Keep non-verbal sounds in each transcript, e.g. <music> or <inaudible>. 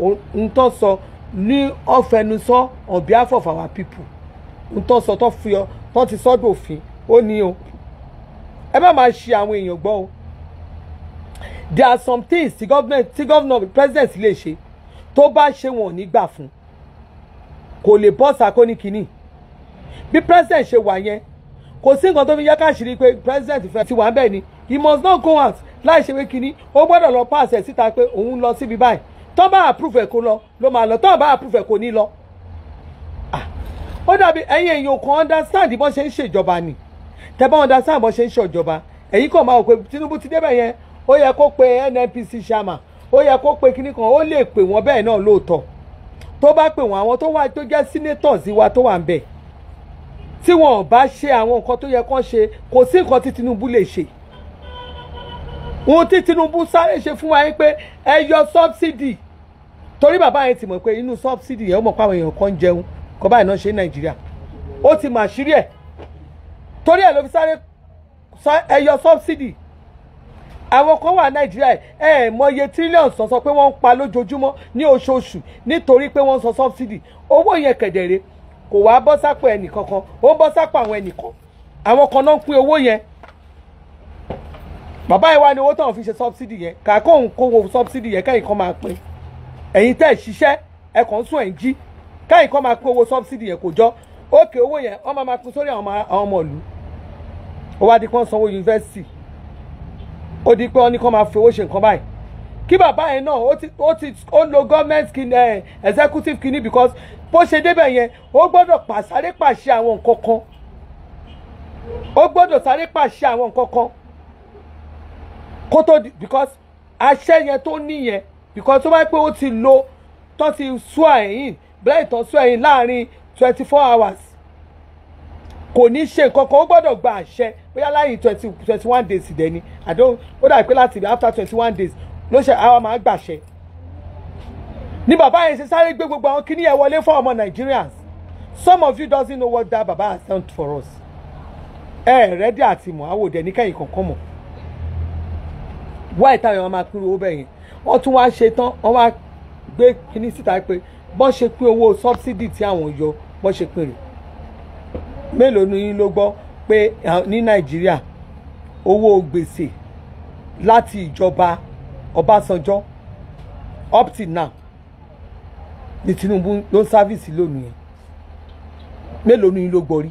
ntọ́ sọ ní ọ̀fẹ́nusọ on behalf of our people sọ tó fi ọ tó ti sọ́dọ̀ òfin ó ní o ẹ má máa ṣe àwọn èèyàn gbọ́ o there are some things tí government tí government president lè ṣe tó bá ṣe wọn ò ní gbà fún kò lè bọ́ sakóníkìíní bí president ṣe wà yẹn kò sí nǹkan tó fi yẹ káṣírí pé president fẹ́ ti wà ń bẹ̀ ni he must not go out láì ṣe pé kínní ó gbọ́dọ̀ lọ pàṣẹ síta pé òun lọ síbi báyìí tó bá approve ẹ̀ kó lọ ló máa lọ tó bá approve ẹ̀ kó ní lọ. Ah, ó dàbí ẹ̀yin èèyàn kan understand bó ṣe ń ṣèjọba ni tẹ́ bá understand bó ṣe ń ṣèjọba ẹ̀yin kàn máa wò pé Tinubu ti débẹ̀ yẹn ó yẹ kó pe NNPC chairman ó yẹ kó pe kíní kan ó lè pè wọ́n bẹ́ẹ̀ náà lóòótọ́ tó bá pè wọ́n àwọn tó wà tó jẹ́ senators wa tó wà ń bẹ̀ tí wọn ò bá ṣe àwọn nǹkan tó yẹ kán ṣe kò sí nǹkan tí Tinubu lè ṣe ohun tí Tinubu sáré ṣe fún wa yín pé ẹ yọ subsidy torí bàbá yẹn ti mọ̀ pé inú subsidy yẹn ó mọ̀ pé àwọn èèyàn kan ń jẹun kọ́ báyìí náà ṣe ní nàìjíríà ó ti mọ̀ àṣírí ẹ̀ torí ẹ̀ ló fi sáré ẹyọ subsidy àwọn kan wà nàìjíríà ẹ ẹ mọye trillions sọ sọ pé wọ́n ń pa lójoojúmọ́ ní oṣooṣù nítorí pé wọ́n sọ subsidy owó yẹn kẹ̀dẹ̀rẹ̀ kò wá bọ́ sápò ẹnìkankan ó bọ́ sápò àwọn ẹnìkan àwọn kan náà ń pín owó yẹn bàbá yẹn wá ní owó táwọn fi ṣe subsidy yẹn kàkóhùn kó wo subsidy yẹn kẹ́yìn kan máa pín ẹ̀yin tẹ́ ẹ̀ ṣiṣẹ́ ẹ kàn ń sún ẹ̀ ń jí káyìn kan máa pín owó subsidy yẹn kò jọ òkè owó yẹn wọ́n máa máa pín sórí àwọn ọmọ ìlú ó wá di pé wọ́n sanwó yunifásitì ó di pé wọ́n ní kí wọ́n máa fi owó ṣe nǹkan báyìí kí bàbá yẹn náà ó ti ó ti ó lo government kin ẹ eh, executive kinní because bó ṣe débẹ̀ yẹn ó gbọ́dọ̀ pàṣẹ pàṣẹ àwọn nǹkan kan ó gbọ́dọ̀ sáré pàṣẹ àwọn nǹkan kan kó tó di because àṣẹ yẹn tó ní yẹn because tó bá pé ó ti lo tó ti sú ẹ̀yìn bẹ́ẹ̀ tó sú ẹ̀yìn láàrin twenty four hours kò ní ṣe nǹkan kan ó gbọ́dọ̀ gba àṣẹ bóyá láyìn twenty twenty one days dẹ̀ ni àdó ó dà pé láti after twenty one days ló ṣe àwa máa gbàṣẹ. ni bàbá yẹn ṣe sáré gbé gbogbo àwọn kíní yẹn wọlé fún ọmọ Nigerians some of you doesn't know what that baba has done for us. ẹ rẹ́dí àti mọ̀ àwòdẹ ní kẹ́yìn kankan mọ̀ wá ìtayọ̀ máa pín owó bẹ́ẹ̀ yẹn wọ́n tún wá ṣe tán wọ́n wá gbé kíní síta pé bọ́n ṣe pín owó subsidy tí àwọn yọ bọ́n ṣe pín rè mélòó ni yín ló gbọ́ pé ní nàìjíríà owó gbèsè láti ìjọba ọbásanjọ́ up till now ni tinubu ló ń sáfìsì lónìí yẹn mélòó ni yín ló gbọ́ rí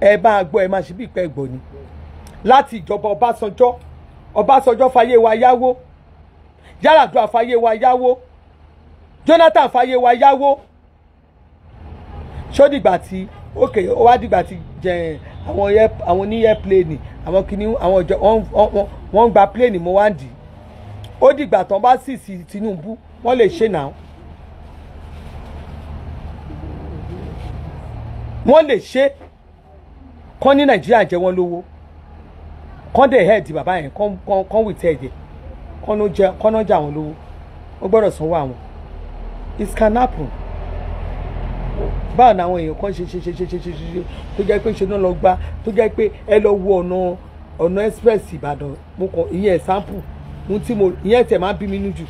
ẹ bá a gbọ́ ẹ máa ṣe bí ìpẹ́ gbọ́ ni láti ìjọba ọbásanjọ́ ọbásanjọ́ fayé wa yáwó Yar'Adua fàyè wa yáwó Jonathan fàyè wa yáwó ṣó dìgbà tí ok ó wá dìgbà tí jẹ àwọn àwọn ní airplane àwọn kìíní àwọn ìjọ wọ́n ń gba plane mo wá ń dì ó dìgbà tán bá sì sí Tinubu wọ́n lè ṣe náà wọ́n lè ṣe kán ní Nàìjíríà jẹ wọ́n lówó kán dẹ̀ head bàbá yẹn kán wìtẹ́ ẹ̀jẹ̀ kọ́nà jà wọ́n lówó ó gbọ́dọ̀ sanwó àwọn it can happen báà làwọn èèyàn kan ṣe ṣe ṣe ṣe ṣe ṣe ṣe tó jẹ́ pé ṣe náà lọ gbá tó jẹ́ pé ẹ lọ wo ọ̀nà ọ̀nà express ìbàdàn mo kàn ìyẹn sample ohun tí mo ìyẹn tẹ̀ máa bí mi nú jù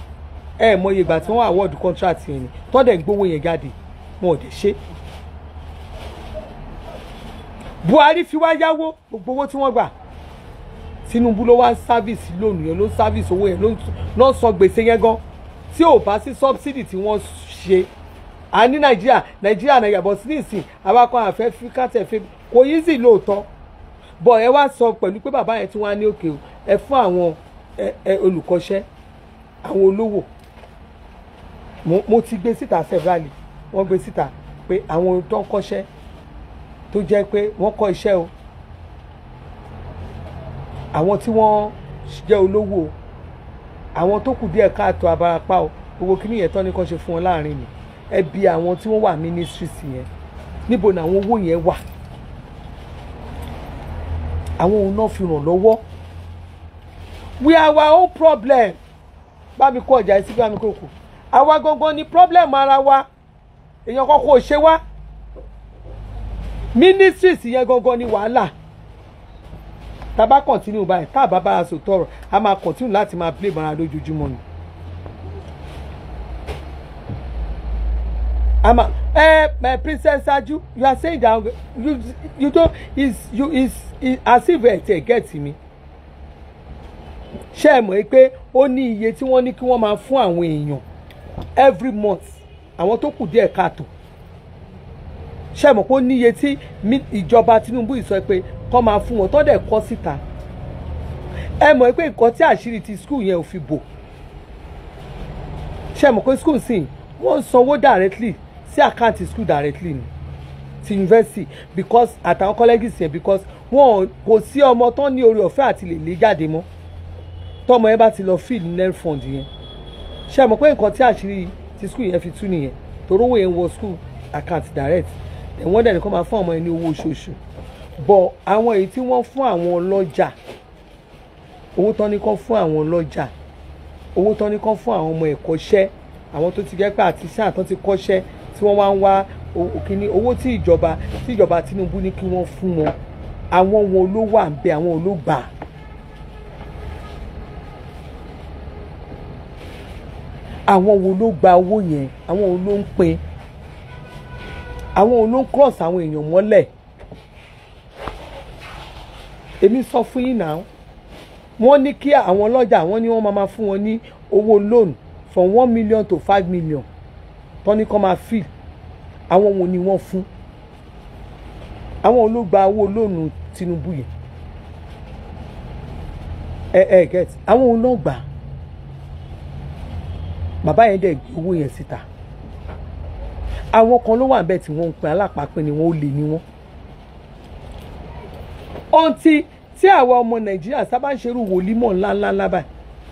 ẹ mọ iye ìgbà tí wọ́n award contract yẹn ni tọ́dẹ̀ ń gbowó yẹn jáde wọn ò dẹ̀ ṣe. buhari fi wá yáwó gbogbo owó tí wọ́n gbà Tinubu ló wá sáfìsì lónìí yẹn ló sáfìsì owó yẹn ló sọ gbèsè yẹn gan tí ò bá sí sọ́bsidì tí wọ́n ṣe a ní nàìjíríà nàìjíríà náà yàbọ̀ sí nìsín awakọ̀ àfẹ́ fi kàtẹ́ fi kò yí sì lóòótọ́ bọ̀ ẹ wá sọ pẹ̀lú pé bàbá yẹn tí wọ́n á ní òkè o ẹ fún àwọn olùkọ́ṣẹ́ àwọn olówó mo ti gbé síta severally wọ́n gbé síta pé àwọn tó ń tó jẹ́ pé wọ́n kọ́ iṣẹ́ o àwọn tí wọ́n jẹ́ olówó àwọn tó kù díẹ̀ káàtó abarapá o gbogbo kí nìyẹn tán ni kàn ṣe fún wọn láàrin mi ẹ àwọn tí wọ́n wà ministries yẹn níbo ni àwọn owó yẹn wà àwọn òun náà fi ràn lọ́wọ́ we are our own problem bá mi kó ọjà sí bá mi kó kù àwa gangan ni problem ara wa èèyàn kọ́kọ́ ò ṣe wá ministries yẹn gangan ni wàhálà tá continue báyìí tá a bá bára sọ tọrọ a máa continue láti máa play mọ́ra lójoojúmọ́ ni. ama eh, eh princess Saju you are saying that you you don't is you is, is as if ẹ tẹ get me ṣé ẹ mọ̀ pé ó ní iye tí wọ́n ní kí wọ́n máa fún àwọn èèyàn every month àwọn tó kù díẹ̀ káàtó ṣé ẹ mọ̀ pé ó ní iye tí ìjọba Tinubu sọ pé kọ́ máa fún wọn tọ́dẹ̀ kọ́ síta ẹ mọ̀ pé nǹkan tí àṣírí ti skul yẹn ò fi bò ṣe mọ̀ pé skul sì wọ́n ń sanwó directly sí àkáǹtì skul directly ni ti university because àtàwọn colleges yẹn because wọn kò sí ọmọ tán ní orí ọ̀fẹ́ àti lè lè jáde mọ́ tọmọ yẹn bá ti lọ fíìlì nel fund yẹn ṣe mọ̀ pé nǹkan tí àṣírí ti skul yẹn fi tú nìyẹn torówó yẹn wọ skul account direct ẹ̀ wọ́n dẹ̀ ní kó máa fún ọmọ yẹn ní owó oṣooṣù bọ̀ àwọn èyí tí wọ́n fún àwọn ọlọ́jà owó tán ní kán fún àwọn ọlọ́jà owó tán ní kán fún àwọn ọmọ ẹ̀kọ́ṣẹ́ àwọn tó ti jẹ́ pé àti sáà tán ti kọ́ṣẹ́ tí wọ́n wá ń wá kíní owó tí ìjọba tí ìjọba Tinubu ní kí wọ́n fún wọn àwọn wọn ló wà ń bẹ àwọn ló gbà àwọn wo ló gba owó yẹn àwọn wo ló ń pín àwọn wo ló ń cross àwọn èèyàn mọ́lẹ̀ èmi sọ fún yín náà wọ́n ní kí àwọn ọlọ́jà wọ́n ní wọ́n máa ma fún wọn ní owó loan from one million to five million tọ́ni kan máa fill àwọn wo ni wọ́n fún àwọn ológba owó lónìí Tinubu yìí ẹ ẹ get àwọn olóògbà bàbá yẹn dẹ̀ gbé owó yẹn síta àwọn kan ló wà bẹ́ẹ̀ tí wọ́n ń pè alápàpín ni wọ́n ó lè ní wọ́n ọtí tí àwa ọmọ nàìjíríà sábà ń ṣerú wòlímọ̀ ńláńláńlá báyìí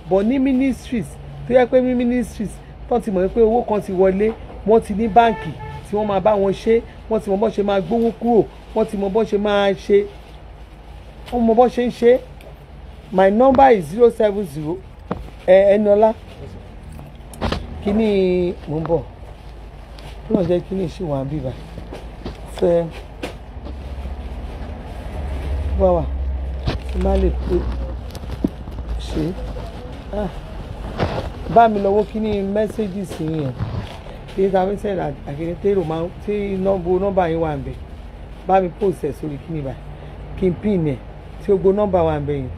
bọ̀ ní ministries tó yẹ pé ní ministries tó ti mọ̀ pé owó kan ti wọlé wọ́n ti ní báǹkì tí wọ́n máa bá wọn ṣe wọ́n ti mọ bó ṣe máa gbówó kúrò wọ́n ti mọ bó ṣe máa ṣe wọ́n mọ bó ṣe ń ṣe my number is zero seven zero ẹ ẹnọlá kíní mò ń bọ̀ kí wọ́n jẹ́ kíní ìṣìwọ̀n àbíbá ṣe báwa kí má lè pé ṣe ah. bá mi lọ́wọ́ kí ní mẹ́sẹ́gì sí yẹn kí ní sáfẹ́ sẹ́ẹ̀dà àkẹ́kẹ́ tẹ́rọ máa tí nọ́mbó nọ́mbà yín wà ń bẹ̀ bá mi post ẹ̀ sórí kí ní báyìí kí n pín ẹ̀ tí ó gbó nọ́mbà wà ń bẹ̀ yẹn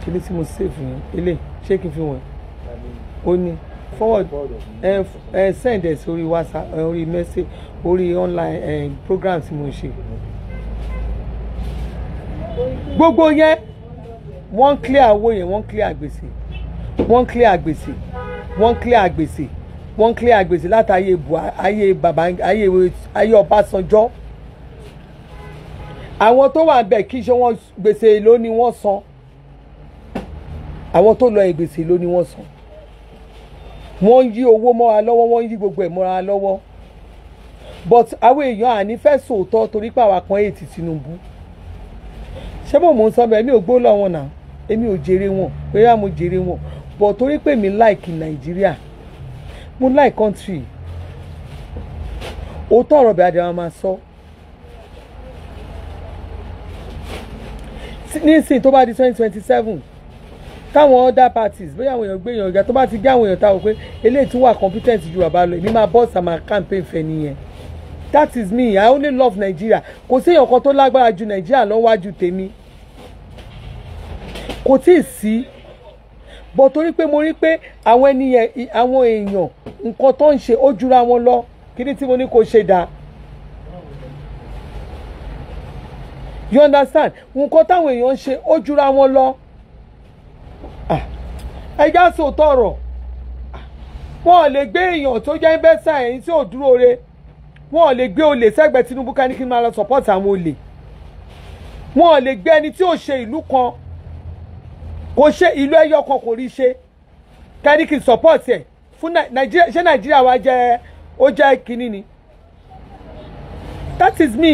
kí ní tí mo save yẹn eléyìí ṣé kí n fi wọ̀n ó ní forward ẹ ẹ send ẹ sórí whatsapp orí message orí online program tí mo ṣe gbogbo yẹn wọ́n ń clear owó yẹn wọ́n ń clear gbèsè wọ́n ń clear gbèsè wọ́n ń clear gbèsè wọ́n ń clear gbèsè látàyè ayé bàbá ayé ayé Ọbásanjọ́ àwọn tó wà bẹ́ẹ̀ kí ṣe wọ́n gbèsè ló ni wọ́n san àwọn tó lọ ìgbèsè ló ni wọ́n san wọ́n yí owó mọ́ra lọ́wọ́ wọ́n yí gbogbo ẹ̀ mọ́ra lọ́wọ́ but àwọn èèyàn àní fẹ́ sòótọ́ torí pé àwọn kan èyí ti Tinubu ṣé mo mò ń sọ bẹ́ẹ̀ mi ò gbó lọ́wọ́ náà èmi ò jèrè wọn bóyá mo jèrè wọn but torí pé mi like nàìjíríà mo like country òótọ́ ọ̀rọ̀ bẹ́ẹ̀ adìyẹ wọn máa sọ nísìnyí tó bá di twenty twenty seven táwọn other parties bóyá àwọn èèyàn gbé èèyàn ìgbà tó bá ti gé àwọn èèyàn ta ò pé eléyìí tún wà competent ju bàbá lọ èmi máa bọ́ọ̀sì àmà campaign fẹ́ nìyẹn that is me i only love nigeria kò sí èèyàn kan tó lágbára ju nigeria lọ́wájú tèmi kò tí ì sí bọ̀ torí pé mo rí pé àwọn ènìyàn àwọn èèyàn nǹkan tó ń ṣe ó jura wọn lọ kíní tí mo ní kò ṣe dáa you understand nǹkan táwọn èèyàn ń ṣe ó jura wọn lọ ah, ẹja sòótọ́ ọ̀rọ̀ ah, wọn lè gbé èèyàn tó jẹ́ bẹ́sà ẹ̀yìn tí ò dúró re wọn lè gbé olè sẹ́gbẹ̀ẹ́ Tinubu ká ní kí n máa lọ support àwọn olè wọn lè gbé ẹni tí ò ṣe ìlú kan kò ṣe ìlú ẹyọ kan kò rí ṣe kẹ́ríkì support ẹ̀ fún nàìjíríà ṣé nàìjíríà wa je ó jẹ́ kínní ni that is me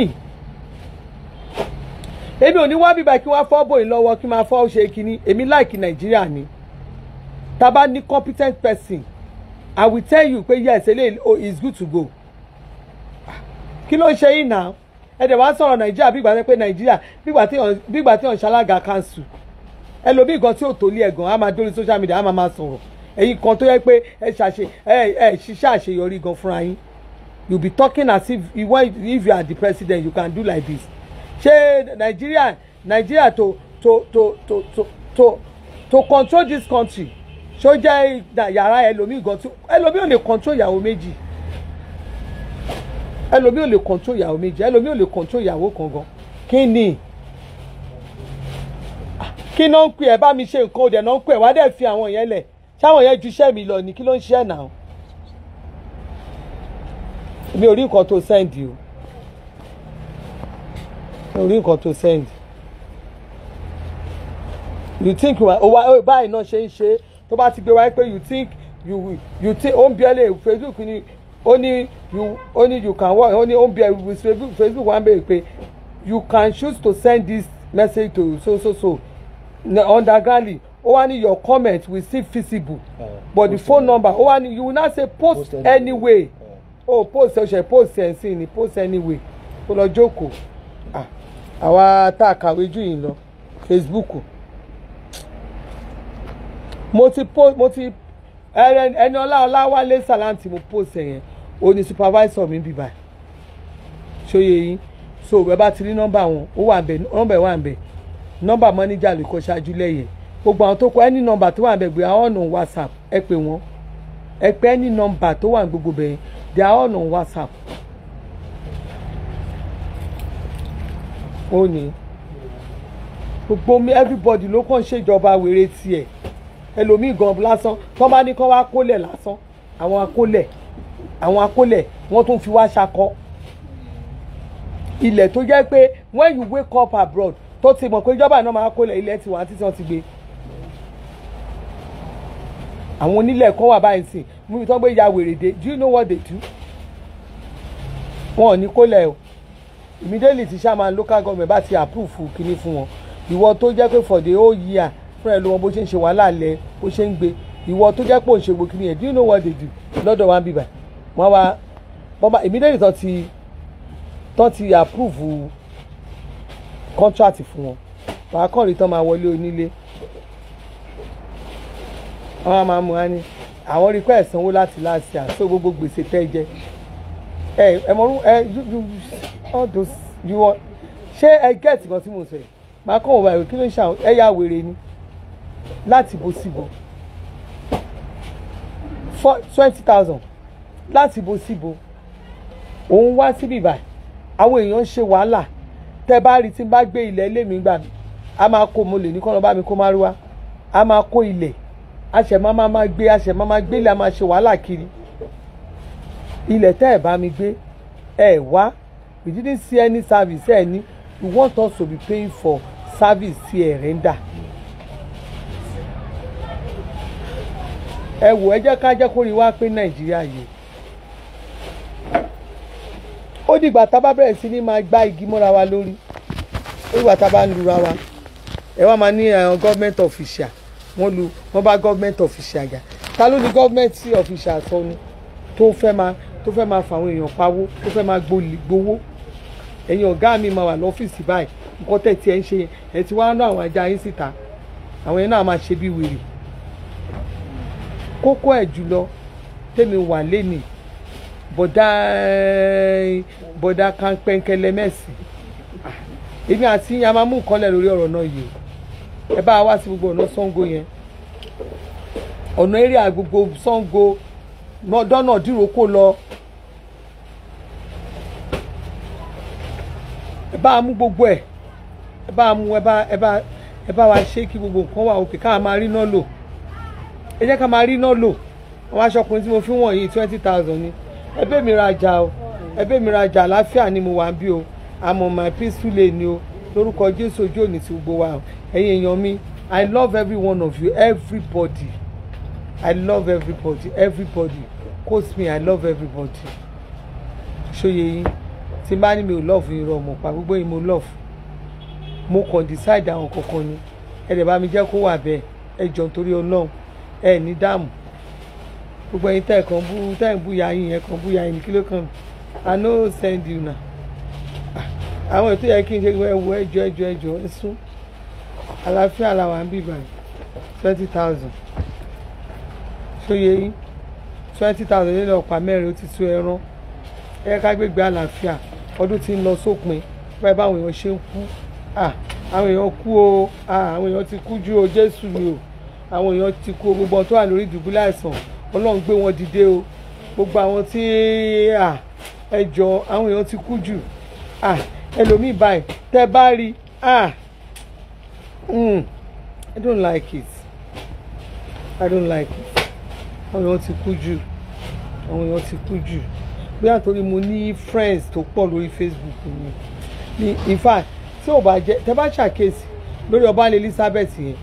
èmi ò ní wá bíbá kí wá fọ́ bòyìn lọ́wọ́ kí máa fọ́ ṣe kínní èmi láìkí nàìjíríà ni taba bá ní competent person i will tell you pé yes ele oh, is good to go kí ló ń ṣe yìí náà ẹ dẹ̀ wá sọ̀rọ̀ nàìjíríà bí ìgbà tẹ́ pé nàìjíríà bí ìgbà tí council ẹlòmíì gan tí ò tó lé ẹ̀gàn á máa dórí social media á máa máa sọ̀rọ̀ ẹ̀yin kan tó yẹ pé ẹ ṣàṣe ẹ ẹ ṣiṣẹ́ àṣeyọrí gan fúnra yín you be talking as if you want if you are the president you can do like this ṣé Nigeria Nigeria to to to to to to to control this country ṣó jẹ́ yàrá ẹlòmíì gan tí ẹlòmíì ò lè control ìyàwó méjì ẹlòmíì ò lè control ìyàwó méjì ẹlòmíì ò lè control ìyàwó kan gan kí ni kí náà ń pè ẹ bá mi ṣe nǹkan òdẹ náà ń pè ẹ wá dẹ̀ fi àwọn yẹn lẹ̀ ṣáwọn yẹn ju iṣẹ́ mi lọ ni kí ló ń ṣe ẹ̀ náà mi ò rí nǹkan tó sẹ́ǹdì o mi ò rí nǹkan tó sẹ́ǹdì you think wa o báyìí náà ṣe ń ṣe tó bá ti gbé wáyé pé you think you you think ó ń bí ẹ lè facebook ni ó ní you ó ní you can work ó ní ó ń bí ẹ facebook facebook wa ń béèrè pé you can choose to send this message to so so so undergroundly ó wá ní your comment we still feasible, uh, but the phone number ó wá ní you will not say post, post anyway, anyway. Uh, oh. oh post ọ̀sẹ̀ post ẹ̀ ni post anyway ó lọ joko, ah, tá a kàwé jù yìí lọ facebook mo ti post mo ti ẹni ọlá ọlá wálé salam tí mo post ẹ yẹn ó ní supervisor mi bíbá ṣóye yín so ẹ bá ti rí nọ́mbà wọn ó wà ń bẹ nọ́mbà ẹ nọ́mbà mọ́níjà ló kọ ṣáájú lẹ́yìn gbogbo àwọn tó kọ ẹni nọ́mbà tó wà ń bẹ gbé àwọn whatsapp ẹ pè wọ́n ẹ pè ẹni nọ́mbà tó wà ń gbogbo bẹ̀yẹn they are all on whatsapp ó ní gbogbo mi everybody ló kàn ṣèjọba wèrè tiẹ̀ ẹlòmíì gan lásán tó bá ní kó wá kólẹ̀ lásán àwọn akólẹ̀ àwọn akólẹ̀ wọ́n tún fi wá ṣakọ ilẹ̀ tó jẹ́ pé when you wake up abroad tó ti mọ̀ pé ìjọba náà máa kólẹ̀ ilẹ̀ tiwa títí wọ́n ti gbé àwọn onílẹ̀ kan wà báyìí sìn mú mi tán gbé ya wèrè dé do you know what they do wọn ò ní kólẹ̀ o immediately ti ṣá máa local government bá ti approve kínní fún wọn ìwọ tó jẹ́ pé for the whole year fún ẹ ló wọn bó ṣe ń ṣe wàhálà lẹ bó ṣe ń gbé ìwọ tó jẹ́ pé òun ṣe gbó kínní yẹn do you know what they do lọ́dọ̀ wa ń bíbà wọ́n wá immediately tán ti tán ti approve contract fún wọn màá kàn rí tán máa wọlé onílé àwọn máa mú wa ní àwọn rí pẹ́ ẹ̀sánwó láti láti àṣọ gbogbo gbèsè tẹ́ jẹ ẹ ẹ mọ ẹ all those you want ṣé ẹ gẹ́ẹ̀tì kan tí mo sọ yìí màá kàn wọ́n báyìí kí ló ń ṣàwọn ẹ yà wèrè ni láti bó síbò twenty thousand láti bó síbò òun wá síbí báyìí àwọn èèyàn ń ṣe wàhálà tẹ bá rí tí n bá gbé ilẹ̀ ilé mi gbà mí a máa kó mo lè ní kọ́nà bá mi kó má rí wa a máa kó ilẹ̀ a ṣẹ̀ máa máa gbé a ṣẹ̀ máa máa gbé ilẹ̀ a máa ṣe wàhálà kiri ilẹ̀ tẹ́ ẹ̀ bá mi gbé ẹ̀ wá we didn't see any service ẹ̀ ní we want us to be paying for service tí ẹ̀ render. ẹ wò ẹ jẹ́ ká jẹ́ kó rí wá pé nàìjíríà yìí ó dìgbà tá a bá bẹ̀rẹ̀ sí ní máa gbá igi mọ́ra wa lórí ó dìgbà tá a bá ń lura wa ẹ wá máa ní àwọn gọ́ọ̀mẹ̀ntì ọ̀fìṣà wọ́n lu wọ́n bá gọ́ọ̀mẹ̀ntì ọ̀fìṣà jà ta ló ní gọ́ọ̀mẹ̀ntì ọ̀fìṣà sọnù tó fẹ́ máa tó fẹ́ máa fàwọn èèyàn pawó tó fẹ́ máa gbowó ẹ̀yin ọ̀gá mi máa wà lọ́fíìsì báyìí nǹkan tẹ̀ tí ń ṣe yẹn ẹ ti wá ń rán àwọn ajá yín síta àwọn yẹn náà máa ṣe bí wèrè kókó ẹ̀ jùlọ tèmi wà lénìí bọ̀dá eh, bọ̀dá kanpẹ́ńkẹ́lẹ́ mẹ́sì èmi àti yín a máa mú nǹkan lẹ̀ lórí ọ̀rọ̀ náà yìí ẹ bá wá sí gbogbo ọ̀nà Ṣàngó yẹn ọ̀nà eré àgbogbo Ṣàngó dọ́nà dìrókò lọ ẹ bá mú gbogbo ẹ ẹ bá mú ẹ bá ẹ bá ẹ bá wa ṣe kí gbogbo nǹkan wà òkè ká máa rí náà lò ẹ jẹ́ ká máa rí náà lò àwọn aṣọ ọkùnrin tí mo fi wọ̀nyí twenty thousand ni ẹbẹ mi rajà o ẹbẹ mi rajà àlàáfíà ni mo wà ń bí o àmọ́ my peaceful lane ni o lórúkọ Jésù ojú òní ti gbogbo wa ẹ̀yin èèyàn mi I love every one of you everybody I love everybody everybody quote me I love everybody ṣòye yín tí n bá ní mi ò love yín rọ mọ̀ pa gbogbo yín mo love mo kàn decide àwọn kankan ni ẹ dẹ̀ bá mi jẹ́ kó wà bẹ́ẹ̀ ẹ jọ̀ọ́ nítorí Ọlọ́run ẹ ní dààmú gbogbo ẹ̀yin tẹ́ kàn bú tẹ́ ń búya yín yẹn kàn búya yín kí ló kàn mí i no send you na àwọn ètò yẹ kí n ṣe ẹwọ ẹjọ ẹjọ ẹjọ ẹ sún àlàáfíà làwọn àbí ìbàdàn twenty thousand ṣóye yín twenty thousand nílẹ̀ ọ̀pá mẹ́rin ó ti tú ẹran ẹ ká gbégbé àlàáfíà ọdún tí ń lọ sópin báyìí báwọn èèyàn ṣe ń kú àwọn èèyàn kú o àwọn èèyàn ti kú ju o Jésù ni o àwọn èèyàn ti kú o gbogbo ọ̀tún wà lórí ìdùbúlẹ̀ àìsàn ọlọ́run gbé wọn dìde o gbogbo àwọn tí ẹ jọ àwọn èèyàn ti kú jù ẹlòmíì báyìí tẹ́ bá rí hmm, i don't like it i don't like it àwọn èèyàn ti kú jù àwọn èèyàn ti kú jù bí àtòrí mo ní friends tó pọ̀ lórí facebook mi ní in tí ò bá jẹ tẹ́ bá ṣàkíyèsí lórí ọba ní elizabeth yẹn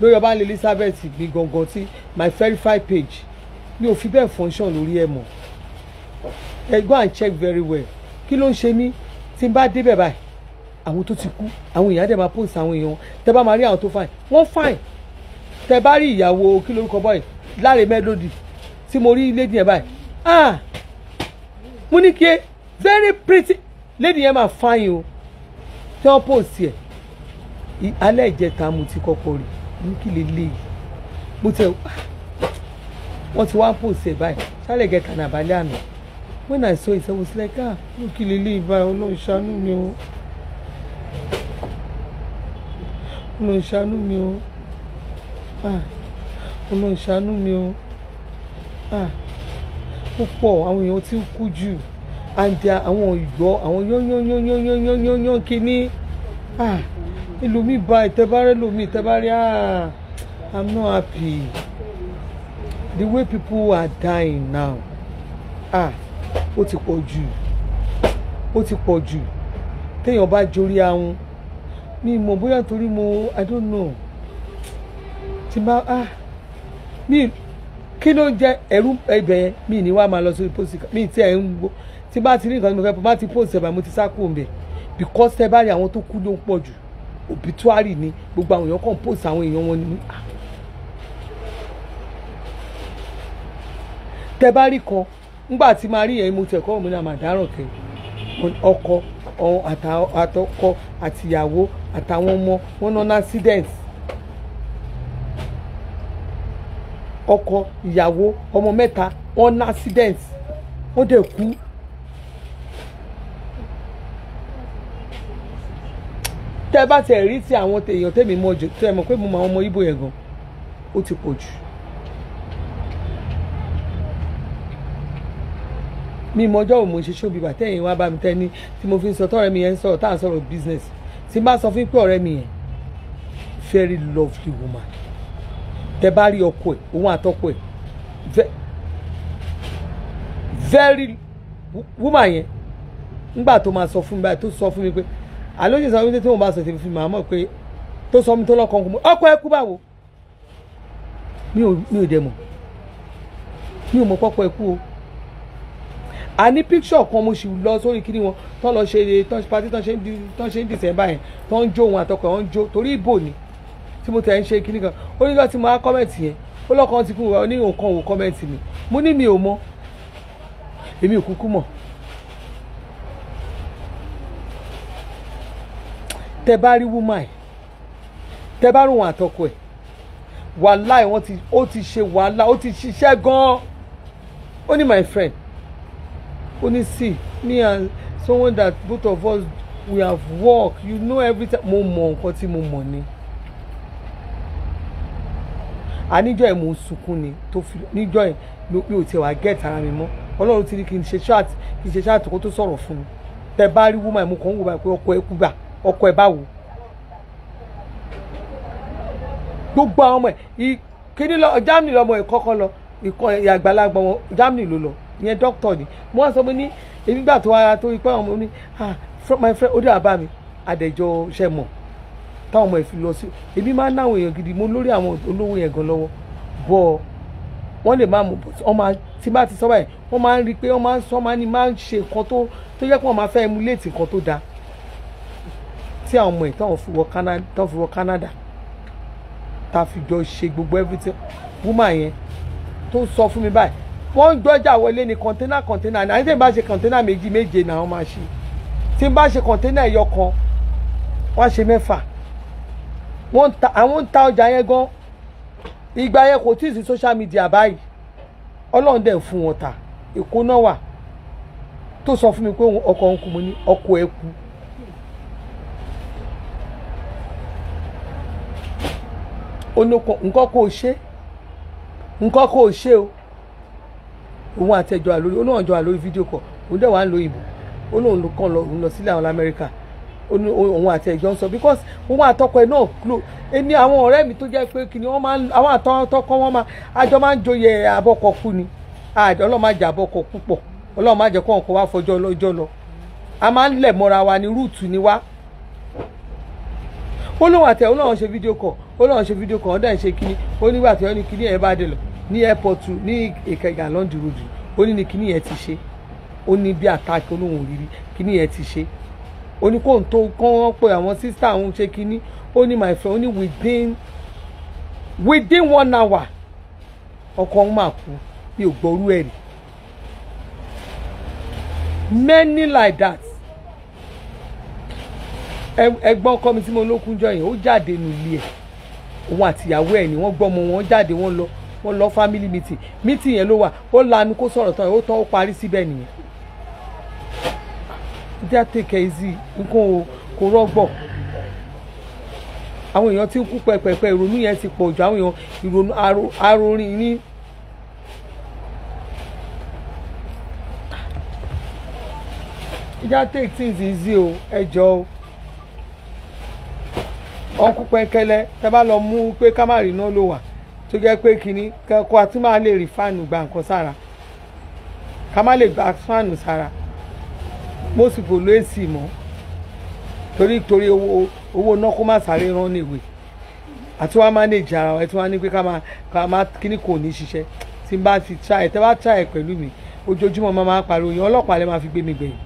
lórí ọba ní elizabeth gbí tí my verified page mi ò fi bẹ́ẹ̀ function lórí ẹ̀ mọ̀ ẹ go and check very well kí ló ń ṣe mí tí n bá débẹ̀ báyìí àwọn tó ti kú àwọn èèyàn dẹ̀ máa post àwọn èèyàn tẹ bá máa rí àwọn tó fine wọ́n fine tẹ bá rí ìyàwó kí lórúkọ bọ́ọ̀ì Láre Melody tí mo rí lady yẹn báyìí ah mo ní kí ẹ very pretty lady yẹn máa fine o tí wọ́n post ẹ̀ alẹ́ ìjẹta mo ti kọ́kọ́ rí ní kí lè e. mo tẹ ah wọ́n ti wá ń pòsè ẹ̀ báyìí ṣálẹ̀ gẹ̀ kànáà balẹ̀ àná when I saw it I was like ah ló kí lélẹ́ ìbá ọlọ́run ṣàánú mi o ọlọ́run ṣàánú mi o ah ọlọ́run ṣàánú mi o ah ó pọ̀ àwọn èèyàn ti kú jù àǹdà ah, àwọn ìgbọ́ àwọn yányányányányányányán kínní ah ẹlòmíì bá ìtẹ́bárẹ́ lòmíì ìtẹ́bárẹ́ ah I'm not happy the way people are dying now ah ó ti pọ̀ jù ó ti pọ̀ jù téèyàn bá jorí ahun mi mọ̀ bóyá torí mo i don't know ti bá ah mi kí ló jẹ́ ẹ̀rú ẹ̀bẹ̀ yẹn mi ní wàá máa lọ sórí post mi tí ẹ̀ ń wo tí bá ti rí nǹkan mi kẹ́pọ̀ bá ti post ẹ̀ bá mo ti sá kúrò mbẹ̀ because ẹ bá rí àwọn tó kú ló ń pọ̀ obituary ni gbogbo àwọn èèyàn kàn post àwọn èèyàn wọn ni ah tẹ bá rí kan ńgbà tí máa rí yẹn mo tẹ̀ kọ́ mi náà mà dáràn kẹ ọkọ àtọkọ àtìyàwó àtàwọn ọmọ wọn náà ní accident ọkọ ìyàwó ọmọ mẹ́ta wọn ní accident wọ́n dẹ̀ kú tẹ́ bá tẹ̀ rí ti àwọn èèyàn tẹ̀mí mọ́ jù tẹ́ pé mo mọ àwọn ọmọ Ìgbò yẹn gan ó ti pọ̀ jù mi mọjọ́ òun mo ṣe ṣóbi bàtẹ́ yẹn wá bá mi tẹ́ ní tí mo fi ń sọ tọ́rẹ́ mi yẹn ń sọ̀rọ̀ tá à ń sọ̀rọ̀ business tí n bá sọ fún pé ọ̀rẹ́ mi yẹn very lovely woman tẹ bá rí ọkọ ẹ òun àtọkọ ẹ very woman yẹn ńgbà tó máa sọ fún mi báyìí tó sọ fún mi pé àlóyè sọ wípé tí mo bá sọ tèmi fún mi màá mọ̀ pé tó sọ mi tó lọ́kọ̀ ọkùnrin ọkọ ẹ kú báwo mi ò dẹ̀ mọ̀ mi ò mọ̀ pọ́pọ́ ẹ kú o a ní picture kan mo sì lọ sórí kiri wọn tán lọ ṣe tán pati tán ṣe tán ṣe ń dìsẹ́mbà yẹn tán ń jó òun àtọkọ ẹ̀ wọ́n ń jó torí ìbò ni tí mo tẹ̀ ń ṣe kiri kan ó ní láti máa kọ́mẹ̀ntì yẹn ó lọ́kàn ti kún wa ní òun kan òun kọ́mẹ̀ntì mi mo ní mi ò mọ èmi ò kúkú mọ̀ tẹ bá rí wúmà ẹ̀ tẹ bá rí òun àtọkọ ẹ̀ wàhálà ẹ̀ wọ́n ti ó ti ṣe wàhálà ó ti ṣiṣẹ́ gan-an ó ní my friend Only see me and someone that both of us we have worked you know every time mo mọ nǹkan tí mo mọ̀ ni àníjọ́ ẹ̀ mo sunkún ni tó fi níjọ́ ẹ̀ mi ò tiẹ̀ wá gẹ̀ẹ́tì ara mi mọ́ ọlọ́run ti ní kí n ṣe ṣáàt kí n ṣe ṣáàt kó tó sọ̀rọ̀ fún mi tẹ bá rí wúmọ̀ ẹ̀mú kan ń wò báyìí pé ọkọ ẹ kú gbà ọkọ ẹ báwo. gbogbo àwọn ọmọ ẹ kíní lọ germany lọmọ ẹ kọ́kọ́ lọ ìkọ àgbàlagbà wọn germany ló lọ ìyẹn dókítà ni mo wá sọ mo ní èmi gbà tó ara tó ipá ọmọ ní ah my friend ó dé àbá mi àdẹjọ ṣe mọ táwọn ọmọ ẹ fi lọ sí èmi máa ń náwọn èèyàn gidi mo lórí àwọn olówó yẹn gan lọ́wọ́ bọ wọn lè máa mú ọmọ tí bá ti sọ báyìí wọn máa ń rí i pé wọn máa ń sọ máa ń ní máa ń ṣe nǹkan tó tó yẹ kí wọn máa fẹ́ emulate nǹkan tó dáa tí àwọn ọmọ ẹ táwọn fi wọ Canada táwọn fi wọ Canada tá a fi jọ ṣe gbogbo everything woman yẹn tó ń sọ fún mi báyìí wọ́n ń jọjà wọlé ní kọ̀ńténà kọ̀ńténà náà tí n bá ṣe kọ̀ńténà méjì méje náà wọ́n máa ṣe tí n bá ṣe kọ̀ńténà ẹ̀yọ kan wọ́n ṣe mẹ́fà àwọn ń ta ọjà yẹn gan ìgbà yẹn kò tí ì sí social media báyìí ọlọ́run dẹ̀ fún wọn ta èkó náà wà tó sọ fún mi pé ọkọ ń kú mo ní ọkọ ẹ kú. nǹkan kò ṣe nǹkan kò ṣe o. òun àti ẹjọ́ àlórí ó náà jọ àlórí fídíò kọ̀ òun dẹ̀ wá ń lo ìbò ó lóun kàn lọ òun lọ sílẹ̀ àwọn lamẹ́ríkà òun àti ẹjọ́ ń sọ because òun àtọkọ ẹ̀ náà kúrò ẹni àwọn ọ̀rẹ́ mi tó jẹ́ pé kìnnì wọ́n máa ń àwọn àtọkọ wọn máa àjọ máa ń joyè abọ́kọ̀ kú ni àjọ ọlọ́ọ̀ máa jẹ abọ́kọ̀ púpọ̀ ọlọ́ọ̀ máa jẹ kọ́ńkọ́ wá fọjọ́ lọ́jọ́ lọ a máa ń lẹ̀ mọ́ra wa ni rúùtù ni wá ó lóun àtẹ̀ ó lóun ṣe fídíò kọ̀ ó lóun ṣe fídíò kọ̀ ọ́ dẹ̀ ń ṣe kíní ó nígbà tí ó ní kíní ẹ̀ bá dé lọ ní airport ní ìkẹgà lọ́ndì road ó ní ni kíní yẹn ti ṣe ó ní bí àtàkì olóhùn òrìrì kíní yẹn ti ṣe ó ní kóhùn tó kán pé àwọn sísá àwọn ṣe kíní ó ní my friend ó ní within within one hour ọkọ ń máa kú mi ò gbọ́rú rí many like that ẹ̀gbọ́n ọkọ mi tí mo lókun jọ yẹn ó jáde nílé ẹ̀ òun àtìyàwó ẹ̀ ni wọ́n gbọ́mọ wọn jáde wọ́n lọ wọ́n lọ family meeting meeting yẹn ló wà ó lanu kó sọ̀rọ̀ tán ó tán ó parí síbẹ̀ nìyẹn. díẹ̀ take it easy nǹkan kò rọ́gbọ̀ àwọn èèyàn ti ń kú pẹ́pẹ́pẹ́ ìrònú yẹn ti pọ̀ jù àwọn èèyàn ìrònú arorin ní. ìjà take things easy o ẹ jọ o ọkùn pẹ́ńkẹ́lẹ́ tẹ bá lọ mú pé ká má rí iná ló wà. tó jẹ́ pé kínní kó a tún máa lè rí fáànù gba nǹkan sára ká má lè gba fáànù sára mo sì kò lo èsì mọ́ torí torí owó owó náà kó má sáré rán níwèé àti wàá manage ara wa ẹ tí ní pé ká máa kíní kò ní ṣiṣẹ́ tí n bá ti bá pẹ̀lú mi ojoojúmọ́ máa máa pariwo yẹn ọlọ́pàá lẹ́ máa fi gbé mi gbẹ̀yìn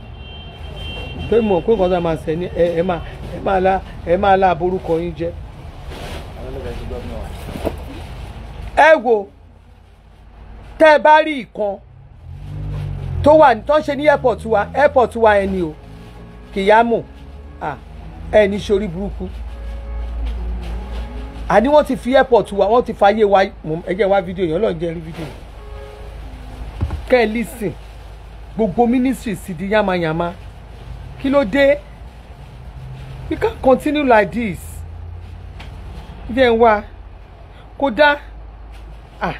tó mọ̀ pé ẹ wo tẹ́ ẹ bá rí ìkan tó wà tó ń ṣe ní airport wa airport wa ẹni o kìyàmù ẹni sori burúkú àní wọ́n ti fi airport wa wọ́n ti fàyè wa ẹ̀jẹ̀ wa fídíò yẹn ọlọ́run jẹ́ rí fídíò yẹn ẹ lísìn gbogbo ministry sì di yamayama kí ló dé we can continue like this jẹ́ ń wá kódà. Ah,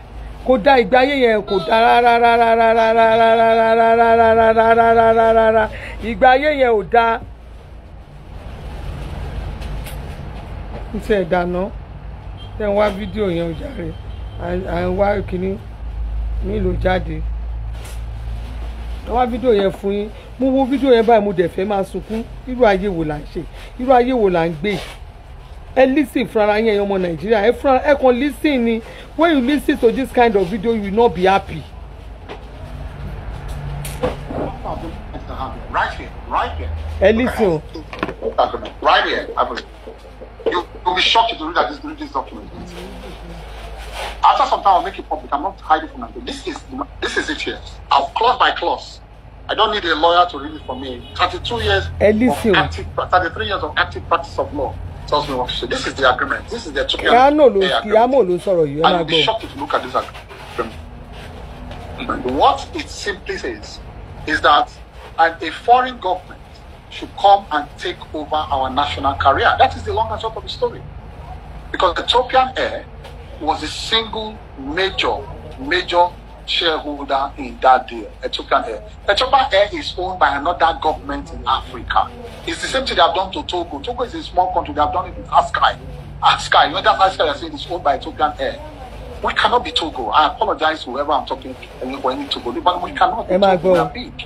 kò da ìgbé ayé yẹn kò da rárárárárárárárárárárárárárárárárá ìgbé ayé yẹn ò da. n ti ẹ̀ dáná tẹ́ ń wá fídíò yẹn ò járe à ń wá kínní nílùú jáde wá fídíò yẹn fún yín mo wo fídíò yẹn báyìí mo dẹ̀ fẹ́ máa sunkún irú ayé wo là ń ṣe irú ayé wo là ń gbé yìí ẹ listen fúnra yín ẹ̀yin ọmọ nàìjíríà ẹ fúnra ẹ kàn listen ni when you listen to this kind of video you will not be happy. Right here, right here. listen o. Right here, You will be shocked to read that this, read this document. After some time, I'll make it public. I'm not hiding from anything. This is this is it here. I'll clause by clause. I don't need a lawyer to read it for me. 32 years of active, 33 years of active practice of law tells me what to say. This is the agreement. This is the Ethiopian Yamo lo, no lo sọ̀rọ̀ yìí, ọ̀nà àgbọ̀. And you'll be shocked if you look at this agreement. What it simply says is that and a foreign government should come and take over our national career. That is the long and short of the story. Because Ethiopian Air was a single major, major shareholder in that deal, Ethiopian Air. Ethiopian Air is owned by another government in Africa. It's the same thing they have done to Togo. Togo is a small country. They have done it with Askai. Askai, you know that Askai has said it's owned by Ethiopian Air. We cannot be Togo. I apologize to whoever I'm talking to, any Togo, but we cannot be Togo. We are big.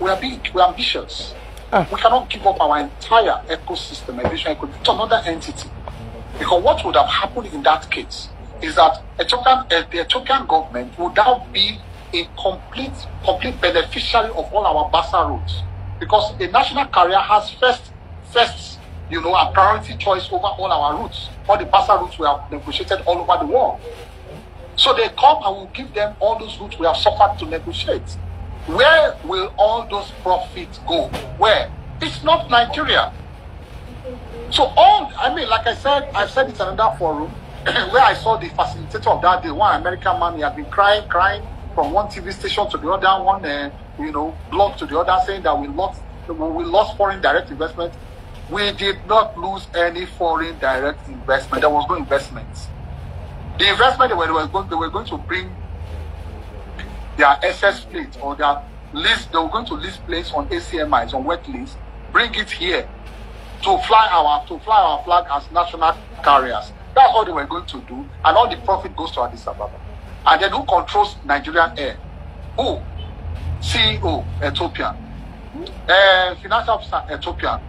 We are big. We are ambitious. Ah. We cannot give up our entire ecosystem, aviation ecosystem, to another entity. Because what would have happened in that case is that a token? Ethiopian, token government would now be a complete, complete beneficiary of all our BASA roads. Because a national carrier has first, first, you know, a priority choice over all our routes, all the BASA routes we have negotiated all over the world. So they come and we give them all those routes we have suffered to negotiate. Where will all those profits go? Where? It's not Nigeria. So all, I mean, like I said, I've said it's another forum, <clears throat> where I saw the facilitator of that day, one American man, he had been crying, crying from one TV station to the other, one uh, you know blog to the other, saying that we lost we lost foreign direct investment. We did not lose any foreign direct investment. There was no investment. The investment they were, they were, going, they were going to bring their SS plates or their list, they were going to list plates on ACMIs, on wet lists, bring it here to fly our to fly our flag as national carriers That's all they were going to do, and all the profit goes to Addis Ababa. And then who controls Nigerian air? Who? CEO Ethiopia, uh, eh, financial officer Ethiopia,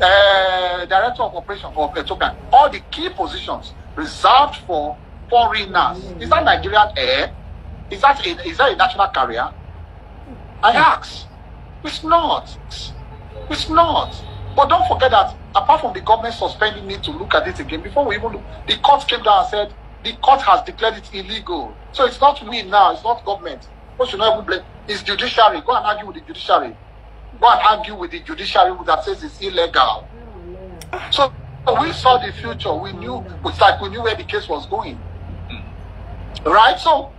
uh, eh, director of operations of Ethiopia. All the key positions reserved for foreigners. Is that Nigerian air? Is that a, is that a national carrier? I ask. It's not. It's not. But don't forget that apart from the government suspending me to look at it again, before we even look, the court came down and said the court has declared it illegal. So it's not we now, it's not government. What should not even blame? It's judiciary. Go and argue with the judiciary. Go and argue with the judiciary that says it's illegal. So we saw the future. We knew it's like we knew where the case was going. Right? So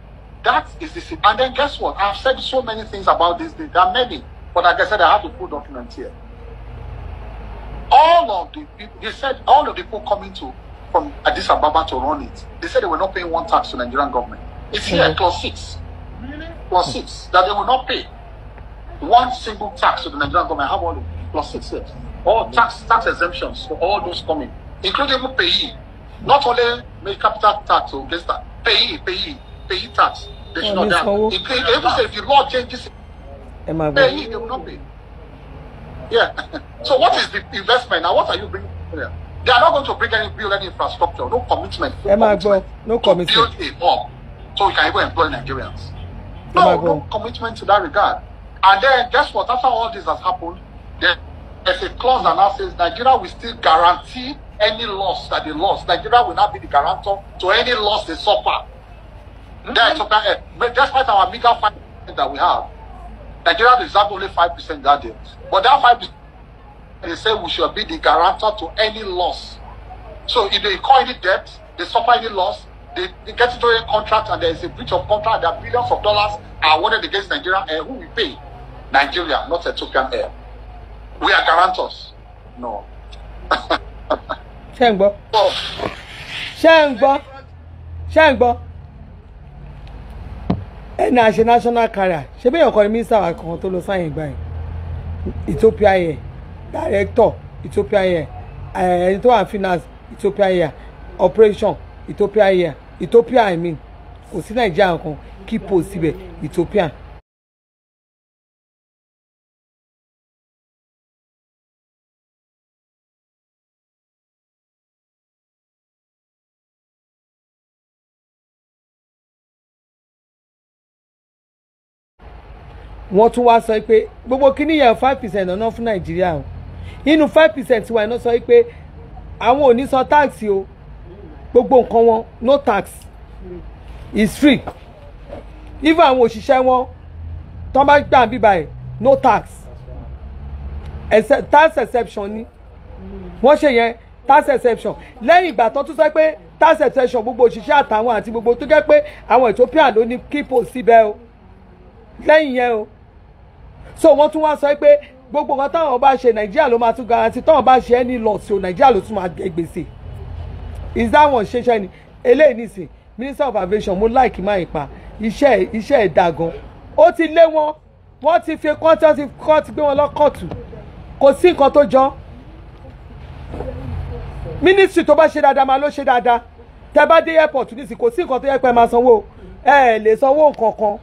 that is the And then guess what? I've said so many things about this. There are many. But like I said, I have to put documents here. all of the they said all of the people coming to from Addis Ababa to run it, they said they were not paying one tax to Nigerian government. It's here mm clause six, clause six that they will not pay one single tax to the Nigerian government. How about it? Clause six here, all tax tax exemptions for all those coming, including payee, not only make capital tax or against that payee, payee, payee tax. They should not. If, if, if the law changes, payee, they will not pay. Yeah. <laughs> so what is the investment now? What are you bringing? Here? They are not going to bring any build any infrastructure. No commitment. No Emma, commitment no commitment. To build a bomb so we can even employ Nigerians. No, no commitment to that regard. And then guess what? After all this has happened, then there's a clause that now says Nigeria will still guarantee any loss that they lost. Nigeria will not be the guarantor to any loss they suffer. Mm-hmm. Despite our mega funding that we have, Nigeria reserved only 5% that day. But that 5%, they say we should be the guarantor to any loss. So if they incur any debt, they suffer any loss, they, they get into a contract and there is a breach of contract, there are billions of dollars are awarded against Nigeria Air. Eh, who will pay? Nigeria, not Ethiopian Air. We are guarantors. No. ṣé ń gbọ́ <laughs> ṣé ẹni àṣẹ national carrier ṣé bẹ́ẹ̀ ọkọ mínísítà wa kan tó lọ sáyìn ìgbà yẹn Ethiopia yẹn director Ethiopia yẹn eh, ẹni tó wà ní finance Ethiopia yẹn operation Ethiopia yẹn Ethiopia i mean kò sí Nàìjíríà kan kí post síbẹ̀ Ethiopia wọ́n tún wá sọ pé gbogbo kíní yẹn five percent ọ̀nà fún nàìjíríà o nínú five percent wa iná sọ pé àwọn ò ní san tax o gbogbo nǹkan wọn no tax is free even àwọn òṣìṣẹ́ wọn tán bá gbà bíbá ẹ̀ no tax tax exception ni wọ́n ṣe yẹn tax exception lẹ́yìn ìgbà tó tún sọ pé tax exception gbogbo òṣìṣẹ́ àtàwọn àti gbogbo tó jẹ́ pé àwọn Ethiopia ló ní kípò síbẹ̀ o lẹ́yìn yẹn o so wọ́n tún wá sọ pé gbogbo nǹkan táwọn bá ṣe nàìjíríà ló máa tún garanti táwọn bá ṣe ẹni lọ sí o nàìjíríà ló tún máa gbé gbèsè is that one ṣeṣẹ ni eléyìí nìsín minister of aviation mo láìkí máa ń pa iṣẹ́ iṣẹ́ ẹ̀dá gan ó ti lé wọn wọ́n ti fi kọ́ńtà ti kọ́ ti gbé wọn lọ́kọ̀tù kò sí nǹkan tó jọ ministry tó bá ṣe dáadáa máa ló ṣe dáadáa tẹ bá dé airport nísìnyí kò sí nǹkan tó yẹ pé máa sanwó ẹ ẹ lè sanwó nǹkan kan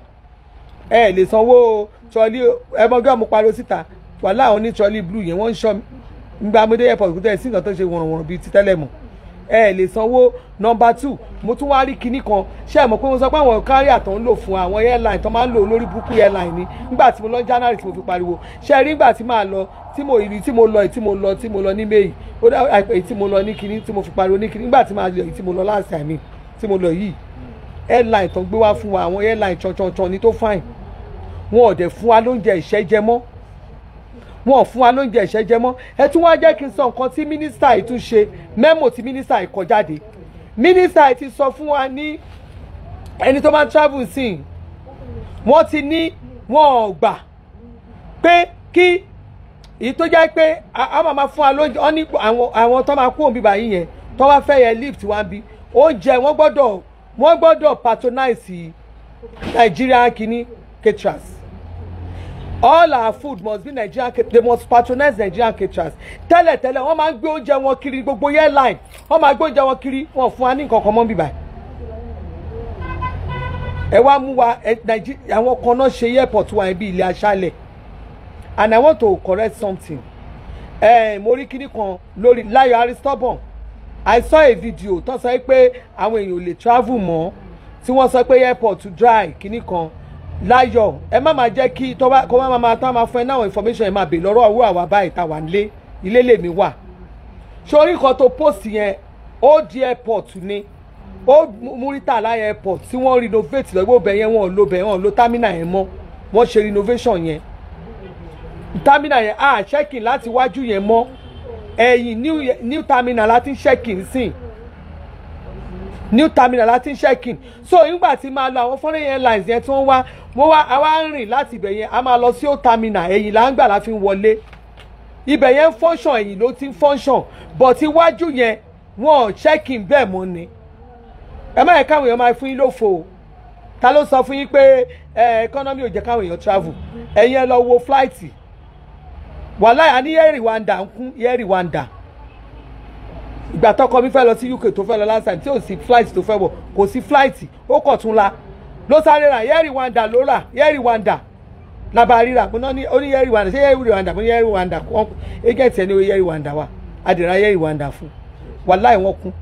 ẹ ẹ lè sanwó trọlí ẹmọgbẹ́ ọmọ pariwo síta wàhálà àwọn ní trọlí blue yẹn wọ́n ń ṣọ́ ngba amúdé airport kò tẹ̀ sí nǹkan tó ṣe wọ̀rọ̀wọ̀rọ̀ bíi ti tẹ́lẹ̀ mọ̀ ẹ lè sanwó nọ́mbà two mo tún wá rí kinní kan ṣé ẹ mọ̀ pé mo sọ pé àwọn káríà tó ń lò fún àwọn airline tó máa ń lò lórí búkú airline ni nígbà tí mo lọ January tí mo fi pariwo ṣe rí nígbà tí màá lọ tí mo ìrì tí mo lọ tí mo lọ tí mo lọ ní May ó dá àìpẹ́ tí mo lọ ní kinní tí mo fi pariwo ní kinní nígbà tí màá lọ tí mo lọ last time tí mo lọ yìí airline tó ń gbé wá fún wa àwọn airline chọ̀chọ̀chọ̀ ni tó fine wọn ò dẹ̀ fún wa lóúnjẹ ìṣẹ́jẹ mọ́ wọn ò fún wa lóúnjẹ ìṣẹ́jẹ mọ́ ẹ tún wá jẹ́ kí n sọ nǹkan tí mínísítà yìí tún ṣe mẹ́mò tí mínísítà yìí kọ jáde mínísítà yìí ti sọ fún wa ní ẹni tó máa ń travel sí i wọ́n ti ní wọn ò gbà pé kí èyí tó jẹ́ pé a máa ma fún wa lóúnjẹ wọ́n ní àwọn tó máa kú òun bíbá yìí yẹn tó wá fẹ́ yẹn lift wá bí oúnjẹ wọ́n gbọ́dọ̀ wọ́n gbọ́dọ̀ patronize Nigeria kìíní caterers all our food must be Nigerian they must patronize Nigerian caterers tẹ́lẹ̀ tẹ́lẹ̀ wọ́n máa ń gbé oúnjẹ wọn kiri gbogbo airline wọ́n máa gbé oúnjẹ wọn kiri wọn fún wa ní nǹkan kan mọ́ bíbá ẹ wá mú wa Nigeria àwọn kan náà ṣe airport wa bí ilé aṣálẹ̀ and I want to correct something ẹ mo rí kíní kan lórí Láyọ̀ Aristobon I saw a video tó sọ pé àwọn èèyàn ò lè travel mọ́ tí wọ́n sọ pé airport dry kíní kan láyọ̀ ẹ má máa jẹ́ kí tó bá kó má máa tán máa fún ẹ náà information ẹ máa bè lọ́rọ̀ owó àwa báyìí tá wà nílé ilé lèmi wà sórí kan tó post yẹn ó di airport ni ó Muritala airport tí wọ́n renovate lọ́wọ́ bẹ̀ yẹn wọ́n lo bẹ̀ wọ́n lo terminal yẹn mọ́ wọ́n ṣe renovation yẹn terminal yẹn a check in láti wájú yẹn mọ́ ẹ̀yìn new terminal láti check sìn. Si new terminal Latin ń check-in so nígbà tí máa lọ àwọn foreign airlines yẹn tí wọ́n wá wọ́n wá a wá ń rìn láti ibẹ̀ yẹn a máa lọ sí old terminal ẹ̀yìn là ń gbà láfi wọlé ibẹ̀ yẹn ń function ẹ̀yìn ló ti ń function but iwájú yẹn wọ́n check-in bẹ́ẹ̀ mọ́ ni ẹ má yẹ káwọn èèyàn máa fún yín lófo o ta ló sọ fún yín pé economy ò jẹ́ káwọn èèyàn travel ẹ̀yin ẹ lọ wo flight wàhálà àní yẹ́rì wàǹdà ń kún yẹ́rì wàǹdà. ìgbà tọkọ mi fẹ lọ sí UK tó fẹ lọ last time tí ò sí flight tó fẹ wọ kò sí flight ó kọ tún la ló sáré ra yẹ́rì wanda ló rà yẹ́rì wanda laba rira mo náà ní ó ní yẹ́rì wanda ṣé yẹ́rì wanda mo ní yẹ́rì wanda wọn agent ẹni ó yẹ́rì wanda wa adìrà yẹ́rì wanda fún wàláì wọn kún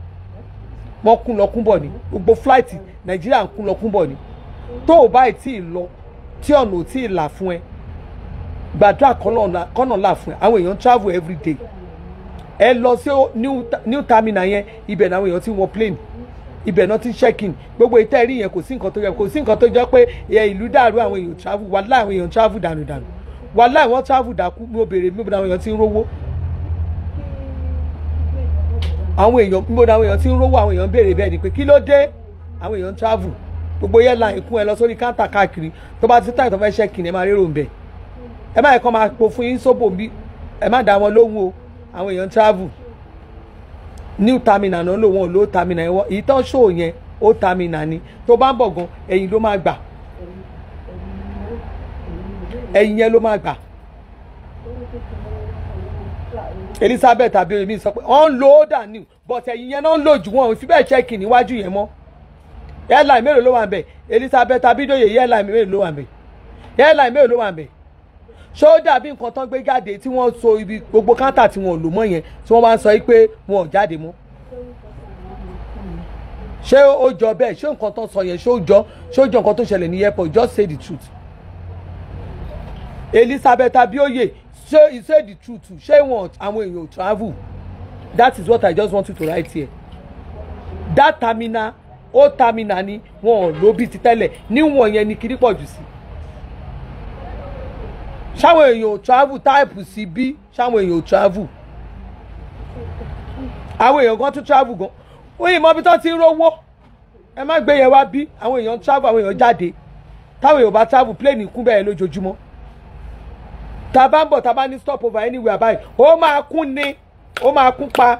wọn kún lọkún bọ̀ ni gbogbo flight Nàìjíríà ń kún lọkún bọ̀ ni tó o bá tí ì lọ tí ọ̀nà ò tí ì là fún ẹ gbàdúrà kọ́nà là fún ẹ àwọn èèyàn travel every day ẹ lọ sí new terminal yẹn ibẹ̀ làwọn èèyàn ti wọ plane ibẹ̀ náà ti check in gbogbo ìtẹ́ rí yẹn kò sí nǹkan tó yẹ kò sí nǹkan tó jẹ́ pé ìlú dàrú àwọn èèyàn travel wà láwọn èèyàn travel dànù dànù wà láwọn travel dàkú mo béèrè mo bẹ̀rẹ̀ àwọn èèyàn ti ń rówó àwọn èèyàn mo bẹ̀rẹ̀ àwọn èèyàn ti ń rówó àwọn èèyàn béèrè bẹ́ẹ̀ ni pé kí ló dé àwọn èèyàn travel gbogbo yẹn láàyè kún ẹ lọ sórí káńtà káàkiri tó bá ti táyì tó fẹ́ check in ẹ máa rérò ń bẹ̀ ẹ má yẹ kọ́ máa po fún yín sóbò bí ẹ má dá wọn lóhùn o àwọn èèyàn travel new terminal náà lò wọn ò lò terminal yẹn wọ ìtọ́ ṣó yẹn ó terminal ni tó bá ń bọ̀ gan ẹ̀yìn ló máa gbà ẹ̀yìn yẹn ló máa gbà Elizabeth abiyoyi mi sọ pé ọ ń lo older new but ẹ̀yìn yẹn náà ń lò jù wọn ò fi bẹ́ẹ̀ check níwájú yẹn mọ́ airline mélòó ló wà ń bẹ̀ Elizabeth abiyoyi airline mélòó ló wà ń bẹ̀ airline mélòó ló wà ń bẹ̀ ṣé ó dàbí nǹkan tán gbé jáde tí wọ́n so ibi gbogbo káńtà tí wọ́n lò mọ́ yẹn tí wọ́n bá ń sọ pé wọn ò jáde mọ́ ṣé ó jọ bẹ́ẹ̀ ṣé nǹkan tán sọ yẹn ṣé ó jọ ṣé ó jọ nǹkan tó ṣẹlẹ̀ ní airport just say the truth Elizabeth Abioye ṣé he say the truth ṣé wọn àwọn èèyàn ò travel that is what I just want you to write here that terminal ó terminal ni wọn ò lóbi ti tẹ́lẹ̀ níwọ̀n yẹn ni kiri pọ̀ jù sí i ṣáwọn èèyàn ò travel táìpù sí bí ṣáwọn èèyàn ò travel àwọn èèyàn gan tún travel gan oyin mọ ibi tó ti ń rówó ẹ má gbé yẹn wá bí àwọn èèyàn ń travel àwọn èèyàn jáde táwọn èèyàn bá travel plane kún bẹ́ẹ̀ lójoojúmọ́ tá bá ń bọ̀ tá bá ní stop over anywhere báyìí ó máa kún ni ó máa kún pa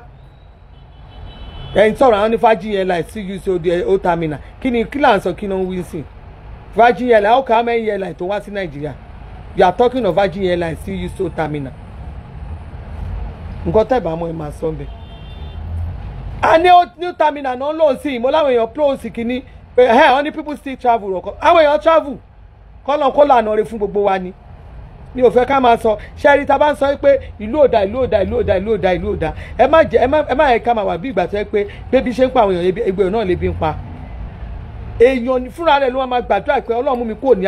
ẹ̀yin sọ̀rọ̀ àwọn ní Virgin Airlines CUC old terminal kí ni kí là ń sọ kí ló ń wí sí Virgin Airlines ó kà á mẹ́yìn airline tó wá sí Nàìjíríà. you are talking of Virgin Airlines still use old terminal nǹkan tẹ́ bá mọ̀ ẹ máa sọ a ní new terminal náà lóun si ìmọ̀ láwọn èèyàn ni sí kínní ẹ̀ ọ́n ní people still travel ọkọ àwọn travel kọ́nà kó lànà re fun gbogbo wa ni mi o fe ká máa sọ ṣẹ́ẹ́rì tá a bá ń sọ pé ìlú òdà ìlú òdà ìlú òdà ìlú òdà ìlú òdà ẹ má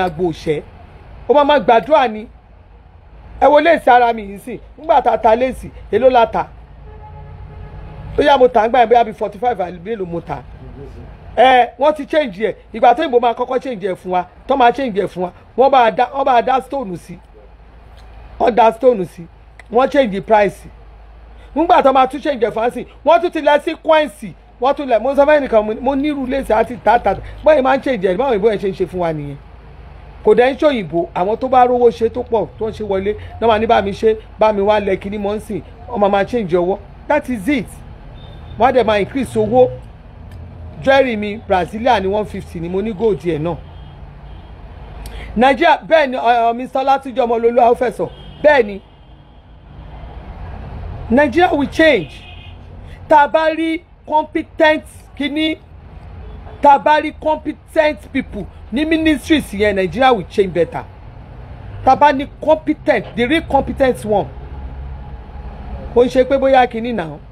agbo ose. ó máa máa gbàdúrà ni ẹ wo léèsì ara mi yìí sìn nígbà tá a ta léèsì èló la tà tó yá mo tà ń yẹn bóyá bíi forty five àlùbí èlò mo tà ẹ wọ́n ti change ẹ̀ ìgbà tó ìbò máa kọ́kọ́ change ẹ̀ fún wa tó máa change ẹ̀ fún wa wọ́n bá da wọ́n bá da stone sí wọ́n da stone sí wọ́n change price nígbà tó máa tún change ẹ̀ fún wa sí wọ́n tún ti lẹ sí coins wọ́n tún lẹ mo sọ fẹ́ nìkan mo nírú léèsì àti tààtà báyìí máa change ẹ̀ báwọn ìbò yẹn ṣe ń ṣe fún wa nìyẹn kò dẹ́ ń àwọn tó bá rówó ṣe tó pọ̀ tó ń ṣe wọlé náà máa ní bá mi ṣe bá mi wá lẹ kíní mọ́ ń sìn ọmọ máa change ọwọ́ that is it wọ́n á dẹ̀ máa increase owó jewelry mi Brazilian ní one fifty ni mo ní gold yẹn náà Nàìjíríà bẹ́ẹ̀ ni eh, eh, Mr. Látijọ́ Ọmọlólú àwọn fẹ̀sọ̀ bẹ́ẹ̀ ni Nigeria will change tá a bá rí competent kíní tá competent people ni ministries yẹn Nigeria will change better tá competent the real competent one kò ń ṣe pé bóyá kìíní náà